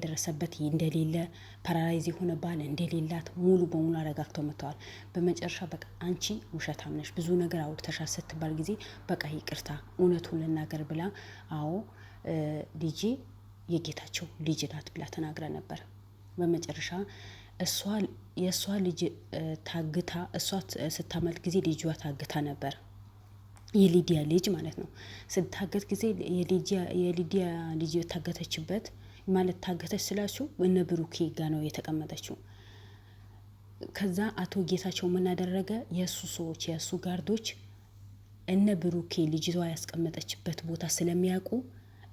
የደረሰበት እንደሌለ ፓራላይዝ የሆነ ባል እንደሌላት ሙሉ በሙሉ አረጋግተው መጥተዋል። በመጨረሻ በቃ አንቺ ውሸታም ነሽ ብዙ ነገር አውርተሻል ስትባል ጊዜ በቃ ይቅርታ እውነቱን ልናገር ብላ አዎ ልጄ የጌታቸው ልጅ ናት ብላ ተናግራ ነበር። በመጨረሻ እሷ የእሷ ልጅ ታግታ እሷ ስታመልጥ ጊዜ ልጇ ታግታ ነበር የሊዲያ ልጅ ማለት ነው። ስታገት ጊዜ የሊዲያ ልጅ የታገተችበት ማለት ታገተች ስላችሁ እነ ብሩኬ ጋ ነው የተቀመጠችው። ከዛ አቶ ጌታቸው የምናደረገ የእሱ ሰዎች የእሱ ጋርዶች እነ ብሩኬ ልጅቷ ያስቀመጠችበት ቦታ ስለሚያውቁ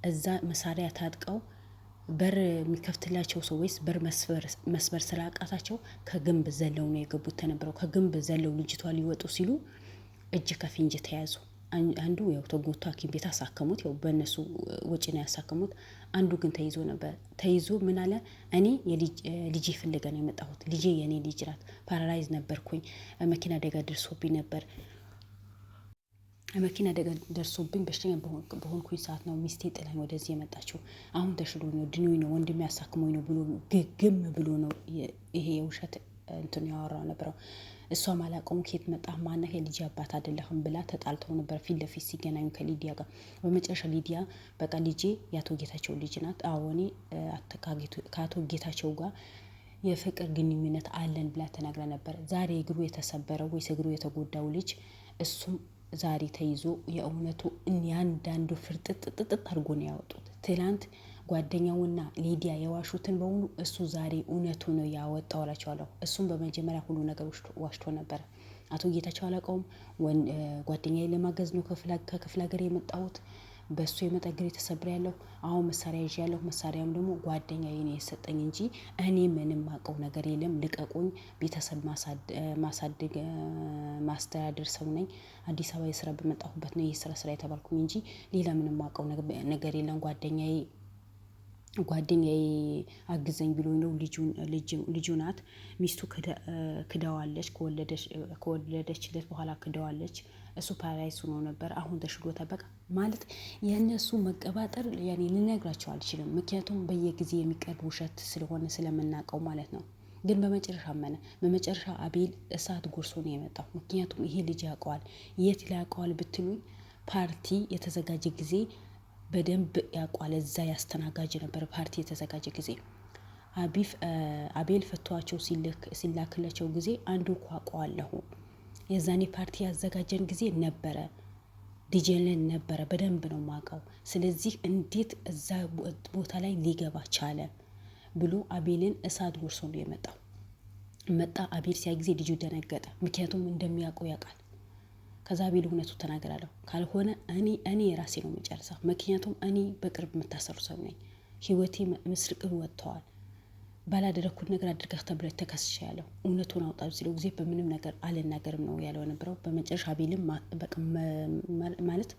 እዛ መሳሪያ ታጥቀው በር የሚከፍትላቸው ሰዎች በር መስበር ስላቃታቸው ከግንብ ዘለው ነው የገቡት። ተነብረው ከግንብ ዘለው ልጅቷ ሊወጡ ሲሉ እጅ ከፍንጅ ተያዙ። አንዱ ያው ተጎቶ ሐኪም ቤት አሳከሙት። ያው በእነሱ ወጪ ነው ያሳከሙት። አንዱ ግን ተይዞ ነበር። ተይዞ ምን አለ፣ እኔ ልጄ ፍለጋ ነው የመጣሁት። ልጄ የእኔ ልጅ ናት። ፓራላይዝ ነበርኩኝ። መኪና አደጋ ደርሶብኝ ነበር። መኪና አደጋ ደርሶብኝ በሽተኛ በሆንኩኝ ሰዓት ነው ሚስቴ ጥላኝ ወደዚህ የመጣችው። አሁን ተሽሎኝ ነው ድኖኝ ነው ወንድሜ ያሳክሞኝ ነው ብሎ ግግም ብሎ ነው ይሄ የውሸት እንትን ያወራው ነበረው። እሷም አላውቀውም ከየት መጣ ማና የልጅ አባት አይደለህም ብላ ተጣልተው ነበር ፊት ለፊት ሲገናኙ ከሊዲያ ጋር። በመጨረሻ ሊዲያ በቃ ልጄ የአቶ ጌታቸው ልጅ ናት፣ አዎኔ ከአቶ ጌታቸው ጋር የፍቅር ግንኙነት አለን ብላ ተናግረ ነበር። ዛሬ እግሩ የተሰበረው ወይስ እግሩ የተጎዳው ልጅ እሱም ዛሬ ተይዞ የእውነቱ እያንዳንዱ ፍርጥጥጥጥ አድርጎ ነው ያወጡት ትላንት ጓደኛውና ሊዲያ የዋሹትን በሙሉ እሱ ዛሬ እውነቱ ነው ያወጣው እላቸዋለሁ። እሱም በመጀመሪያ ሁሉ ነገር ዋሽቶ ነበረ። አቶ ጌታቸው አላውቀውም፣ ጓደኛዬ ለማገዝ ነው ከክፍለ ሀገር የመጣሁት። በእሱ የመጣ ግሬ ተሰብር ያለሁ አሁን መሳሪያ ይዤ ያለሁ መሳሪያም ደግሞ ጓደኛዬ ነው የሰጠኝ እንጂ እኔ ምንም አውቀው ነገር የለም። ልቀቁኝ፣ ቤተሰብ ማሳደግ ማስተዳደር ሰው ነኝ። አዲስ አበባ የስራ በመጣሁበት ነው ይህ ስራ ስራ የተባልኩኝ እንጂ ሌላ ምንም አውቀው ነገር የለም። ጓደኛዬ ጓደኛዬ አግዘኝ ብሎ ነው። ልጁ ናት ሚስቱ ክደዋለች። ከወለደችለት በኋላ ክደዋለች። እሱ ፓራላይዝ ሆኖ ነበር። አሁን ተሽሎ ተበቃ ማለት የእነሱ መቀባጠር ያኔ ልነግራቸው አልችልም። ምክንያቱም በየጊዜ የሚቀርብ ውሸት ስለሆነ ስለምናውቀው ማለት ነው። ግን በመጨረሻ አመነ። በመጨረሻ አቤል እሳት ጎርሶ ነው የመጣው። ምክንያቱም ይሄ ልጅ ያውቀዋል። የት ላይ ያውቀዋል ብትሉኝ ፓርቲ የተዘጋጀ ጊዜ በደንብ ያቋለ እዛ ያስተናጋጅ ነበር ፓርቲ የተዘጋጀ ጊዜ አቤል ፈቷቸው ሲላክለቸው ጊዜ አንዱ ኳቋዋለሁ የዛኔ ፓርቲ ያዘጋጀን ጊዜ ነበረ። ዲጄልን ነበረ በደንብ ነው ማቀው ስለዚህ እንዴት እዛ ቦታ ላይ ሊገባ ቻለ ብሎ አቤልን እሳት ጎርሶ ነው የመጣው። መጣ አቤል ሲያ ጊዜ ልጁ ደነገጠ። ምክንያቱም እንደሚያውቀው ያውቃል። ከዛ ቤል እውነቱ ተናገራለሁ። ካልሆነ እኔ እኔ የራሴ ነው የሚጨርሰው። ምክንያቱም እኔ በቅርብ የምታሰሩ ሰው ነኝ። ህይወቴ ምስቅልቅል ወጥተዋል። ባላደረግኩት ነገር አድርገህ ተብሎ ተከስሻ ያለው እውነቱን አውጣ ሲለው ጊዜ በምንም ነገር አልናገርም ነው ያለው ነበረው። በመጨረሻ ቤልም ማለት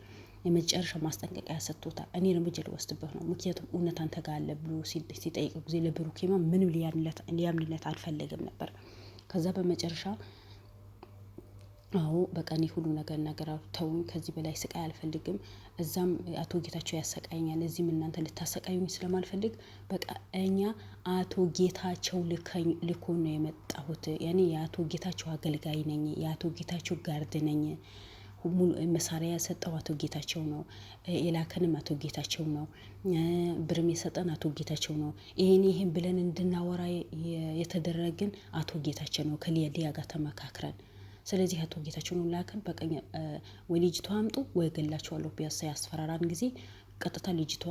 የመጨረሻ ማስጠንቀቂያ ሰጥቶታል። እኔ እርምጃ ልወስድበት ነው ምክንያቱም እውነት አንተ ጋር አለ ብሎ ሲጠይቀው ጊዜ ለብሩኬማ ምንም ሊያምንለት አልፈለገም ነበር። ከዛ በመጨረሻ አዎ በቀኔ ሁሉ ነገር ነገር ተውኝ፣ ከዚህ በላይ ስቃይ አልፈልግም። እዛም አቶ ጌታቸው ያሰቃየኛል፣ እዚህም እናንተ ልታሰቃዩኝ ስለማልፈልግ በቃ እኛ አቶ ጌታቸው ልኮ ነው የመጣሁት። ያኔ የአቶ ጌታቸው አገልጋይ ነኝ፣ የአቶ ጌታቸው ጋርድ ነኝ። መሳሪያ የሰጠው አቶ ጌታቸው ነው። የላከንም አቶ ጌታቸው ነው። ብርም የሰጠን አቶ ጌታቸው ነው። ይህን ይህን ብለን እንድናወራ የተደረግን አቶ ጌታቸው ነው ከሊዲያ ጋር ተመካክረን ስለዚህ አቶ ጌታቸውን ላከን በቀኝ ወይ ልጅቷ አምጡ ወይ ገላቸዋለሁ ቢያሳ ያስፈራራን ጊዜ ቀጥታ ልጅቷ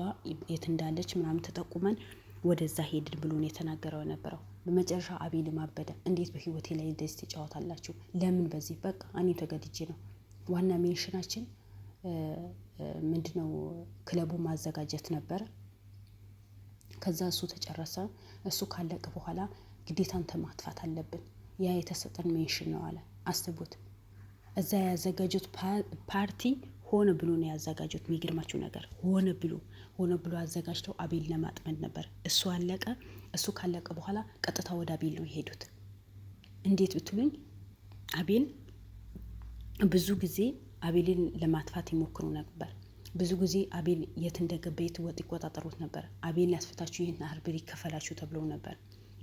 የት እንዳለች ምናምን ተጠቁመን ወደዛ ሄድን ብሎ ነው የተናገረው የነበረው። በመጨረሻ አቤል ማበደ እንዴት በህይወቴ ላይ ደስ ትጫወታላችሁ? ለምን በዚህ በቃ እኔ ተገድጄ ነው። ዋና ሜንሽናችን ምንድነው ክለቡ ማዘጋጀት ነበር? ከዛ እሱ ተጨረሰ። እሱ ካለቀ በኋላ ግዴታን ማጥፋት አለብን። ያ የተሰጠን ሜንሽን ነው አለ። አስቡት። እዛ ያዘጋጁት ፓርቲ ሆነ ብሎ ነው ያዘጋጁት። የሚገርማችሁ ነገር ሆነ ብሎ ሆነ ብሎ አዘጋጅተው አቤል ለማጥመድ ነበር። እሱ አለቀ። እሱ ካለቀ በኋላ ቀጥታ ወደ አቤል ነው የሄዱት። እንዴት ብትሉኝ አቤል ብዙ ጊዜ አቤልን ለማጥፋት ይሞክሩ ነበር። ብዙ ጊዜ አቤል የት እንደገባ የት ወጥ ይቆጣጠሩት ነበር። አቤል ያስፈታችሁ ይህን አርብር ይከፈላችሁ ተብለው ነበር።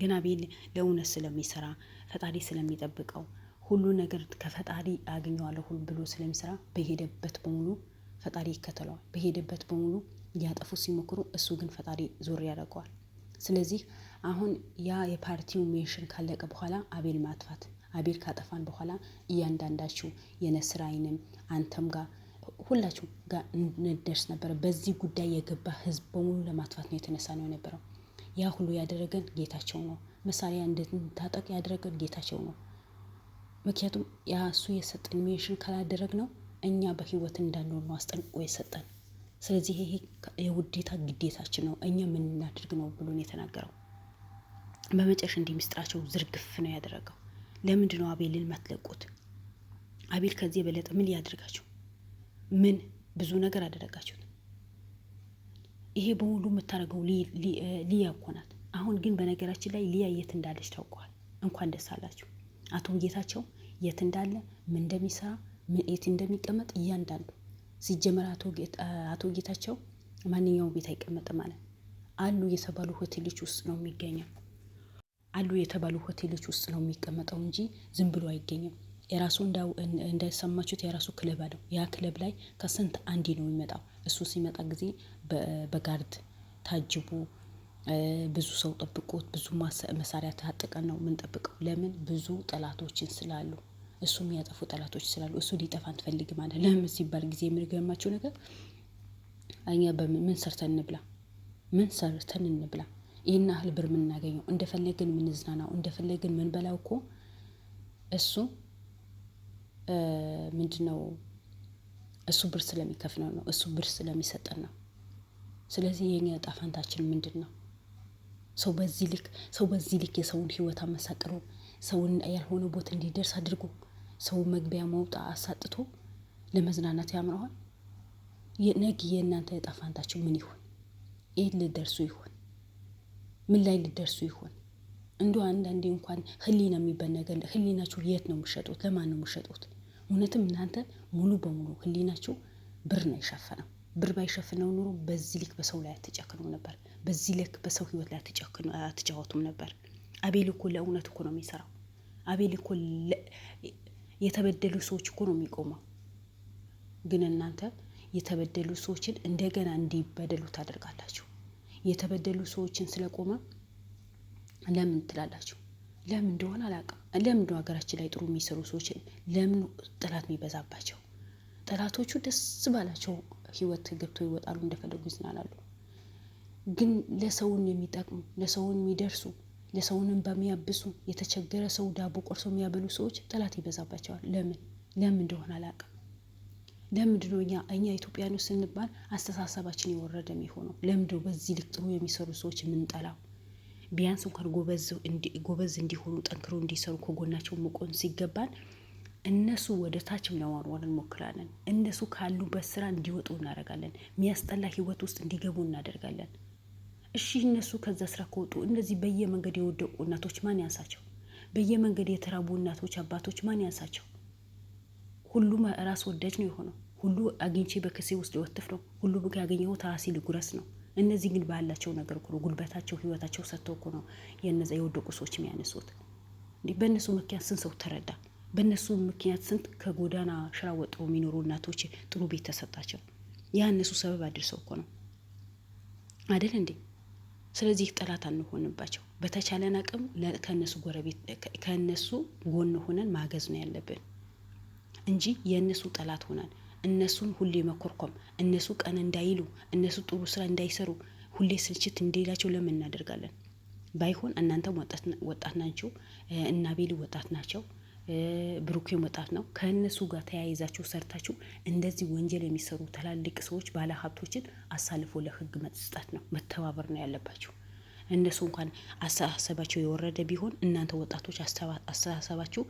ግን አቤል ለእውነት ስለሚሰራ ፈጣሪ ስለሚጠብቀው ሁሉ ነገር ከፈጣሪ አገኘዋለሁ ብሎ ስለሚሰራ በሄደበት በሙሉ ፈጣሪ ይከተለዋል። በሄደበት በሙሉ ሊያጠፉ ሲሞክሩ እሱ ግን ፈጣሪ ዞር ያደርገዋል። ስለዚህ አሁን ያ የፓርቲው ሜንሽን ካለቀ በኋላ አቤል ማጥፋት አቤል ካጠፋን በኋላ እያንዳንዳችሁ የነስር አይንም አንተም ጋር ሁላችሁ ጋር እንደርስ ነበረ። በዚህ ጉዳይ የገባ ህዝብ በሙሉ ለማጥፋት ነው የተነሳ ነው የነበረው። ያ ሁሉ ያደረገን ጌታቸው ነው። መሳሪያ እንድንታጠቅ ያደረገን ጌታቸው ነው። ምክንያቱም ያ እሱ የሰጠን ሜንሽን ካላደረግ ነው እኛ በህይወት እንዳንሆን ነው አስጠንቅቆ የሰጠን። ስለዚህ ይሄ የውዴታ ግዴታችን ነው እኛ እናድርግ ነው ብሎን የተናገረው። በመጨረሻ እንዲህ ምስጢራቸው ዝርግፍ ነው ያደረገው። ለምንድን ነው አቤልን ማትለቁት? አቤል ከዚህ የበለጠ ምን ያደርጋችሁ? ምን ብዙ ነገር አደረጋችሁት። ይሄ በሁሉ የምታደርገው ሊያ እኮ ናት። አሁን ግን በነገራችን ላይ ሊያ የት እንዳለች ታውቀዋል። እንኳን ደስ አላችሁ። አቶ ጌታቸው የት እንዳለ ምን እንደሚሰራ የት እንደሚቀመጥ እያንዳንዱ ሲጀመር አቶ ጌታቸው ማንኛውም ቤት አይቀመጥም ማለት አሉ የተባሉ ሆቴሎች ውስጥ ነው የሚገኘው። አሉ የተባሉ ሆቴሎች ውስጥ ነው የሚቀመጠው እንጂ ዝም ብሎ አይገኝም። የራሱ እንዳሰማችሁት የራሱ ክለብ አለው። ያ ክለብ ላይ ከስንት አንዴ ነው የሚመጣው። እሱ ሲመጣ ጊዜ በጋርድ ታጅቡ ብዙ ሰው ጠብቆት ብዙ መሳሪያ ታጥቀን ነው የምንጠብቀው። ለምን ብዙ ጠላቶችን ስላሉ እሱ የሚያጠፉ ጠላቶች ስላሉ እሱ ሊጠፋ እንፈልግ ማለት ለምን ሲባል ጊዜ የሚገርማችሁ ነገር እኛ ምን ሰርተን እንብላ፣ ምን ሰርተን እንብላ፣ ይህን ያህል ብር የምናገኘው እንደፈለግን የምንዝናናው እንደፈለግን ምንበላው እኮ እሱ ምንድነው እሱ ብር ስለሚከፍለው ነው። እሱ ብር ስለሚሰጠን ነው። ስለዚህ የኛ ጣፋንታችን ፈንታችን ምንድን ነው? ሰው በዚህ ልክ ሰው በዚህ ልክ የሰውን ህይወት አመሳቅሮ ሰውን ያልሆነ ቦታ እንዲደርስ አድርጎ ሰው መግቢያ መውጣ አሳጥቶ ለመዝናናት ያምረዋል። ነግ የእናንተ ዕጣ ፈንታችሁ ምን ይሆን? የት ልደርሱ ይሆን? ምን ላይ ልደርሱ ይሆን? እንዲ አንዳንዴ እንኳን ህሊና የሚባል ነገር ህሊናችሁ የት ነው የምሸጡት? ለማን ነው የምሸጡት? እውነትም እናንተ ሙሉ በሙሉ ህሊናችሁ ብር ነው የሸፈነው። ብር ባይሸፍነው ኑሮ በዚህ ልክ በሰው ላይ አትጨክኑም ነበር። በዚህ ልክ በሰው ህይወት ላይ አትጫወቱም ነበር። አቤል እኮ ለእውነት እኮ ነው የሚሰራው። አቤል እኮ የተበደሉ ሰዎች እኮ ነው የሚቆመው። ግን እናንተ የተበደሉ ሰዎችን እንደገና እንዲበደሉ ታደርጋላችሁ። የተበደሉ ሰዎችን ስለቆመ ለምን ትላላችሁ? ለምን እንደሆነ አላውቅም። ለምን እንደሆነ ሀገራችን ላይ ጥሩ የሚሰሩ ሰዎችን ለምን ጠላት የሚበዛባቸው? ጠላቶቹ ደስ ባላቸው ህይወት ገብቶ ይወጣሉ፣ እንደፈለጉ ይዝናናሉ። ግን ለሰውን የሚጠቅሙ ለሰውን የሚደርሱ ለሰውንም በሚያብሱ የተቸገረ ሰው ዳቦ ቆርሶ የሚያበሉ ሰዎች ጠላት ይበዛባቸዋል። ለምን ለምን እንደሆነ አላውቅም። ለምንድነው እኛ እኛ ኢትዮጵያውያን ስንባል አስተሳሰባችን የወረደ የሚሆነው? ለምንድነው በዚህ ልክ ጥሩ የሚሰሩ ሰዎች የምንጠላው? ቢያንስ እንኳን ጎበዝ እንዲሆኑ ጠንክሮ እንዲሰሩ ከጎናቸው መቆን ሲገባን እነሱ ወደ ታች ለማርወር እንሞክራለን። እነሱ ካሉበት ስራ እንዲወጡ እናደርጋለን። የሚያስጠላ ህይወት ውስጥ እንዲገቡ እናደርጋለን። እሺ እነሱ ከዛ ስራ ከወጡ እነዚህ በየመንገድ የወደቁ እናቶች ማን ያንሳቸው? በየመንገድ የተራቡ እናቶች፣ አባቶች ማን ያንሳቸው? ሁሉም ራስ ወዳጅ ነው የሆነው። ሁሉ አግኝቼ በክሴ ውስጥ ሊወትፍ ነው። ሁሉ ያገኘሁት ራሴ ልጉረስ ነው። እነዚህ ግን ባላቸው ነገር እኮ ነው፣ ጉልበታቸው ህይወታቸው ሰጥተው እኮ ነው የነዛ የወደቁ ሰዎች የሚያነሱት። በእነሱ መኪያ ስንት ሰው ተረዳ? በእነሱ ምክንያት ስንት ከጎዳና ሽራ ወጥረው የሚኖሩ እናቶች ጥሩ ቤት ተሰጣቸው። ያ እነሱ ሰበብ አድርሰው እኮ ነው አደል እንዴ? ስለዚህ ጠላት አንሆንባቸው። በተቻለን አቅም ከእነሱ ጎረቤት ከእነሱ ጎን ሆነን ማገዝ ነው ያለብን እንጂ የእነሱ ጠላት ሆናል እነሱን ሁሌ መኮርኮም፣ እነሱ ቀን እንዳይሉ፣ እነሱ ጥሩ ስራ እንዳይሰሩ፣ ሁሌ ስልችት እንደሌላቸው ለምን እናደርጋለን? ባይሆን እናንተም ወጣት ናቸው እና ቤል ወጣት ናቸው። ብሩኬ መጣት ነው። ከእነሱ ጋር ተያይዛችሁ ሰርታችሁ እንደዚህ ወንጀል የሚሰሩ ትላልቅ ሰዎች ባለሀብቶችን አሳልፎ ለህግ መስጠት ነው፣ መተባበር ነው ያለባችሁ። እነሱ እንኳን አስተሳሰባቸው የወረደ ቢሆን እናንተ ወጣቶች አስተሳሰባችሁ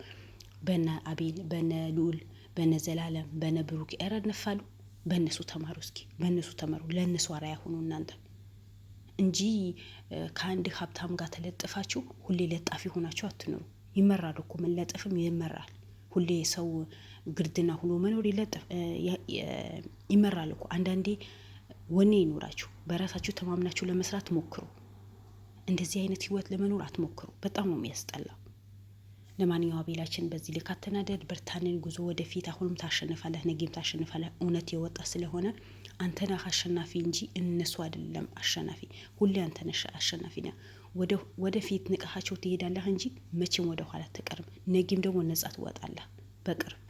በነ አቤል በነ ልዑል በነ ዘላለም በነ ብሩኬ ኧረ ነፋሉ። በእነሱ ተማሩ እስኪ፣ በእነሱ ተመሩ። ለእነሱ አርአያ ሁኑ እናንተ እንጂ ከአንድ ሀብታም ጋር ተለጥፋችሁ ሁሌ ለጣፊ ሆናችሁ አትኑሩ። ይመራል እኮ መለጠፍም ይመራል። ሁሌ ሰው ግርድና ሁሉ መኖር ይለጠፍ ይመራል እኮ። አንዳንዴ ወኔ ይኖራችሁ፣ በራሳችሁ ተማምናችሁ ለመስራት ሞክሩ። እንደዚህ አይነት ህይወት ለመኖር አትሞክሩ። በጣም ነው የሚያስጠላው። ለማንኛውም አቤላችን በዚህ ልክ አተናደድ፣ በርታንን፣ ጉዞ ወደፊት። አሁንም ታሸንፋለህ፣ ነገም ታሸንፋለህ። እውነት የወጣ ስለሆነ አንተና አሸናፊ እንጂ እነሱ አይደለም አሸናፊ። ሁሌ አንተነሽ አሸናፊ ነ ወደፊት ንቃሃቸው ትሄዳለህ እንጂ መቼም ወደኋላ ትቀርም ነጊም ደግሞ ነጻ ትወጣለህ በቅርብ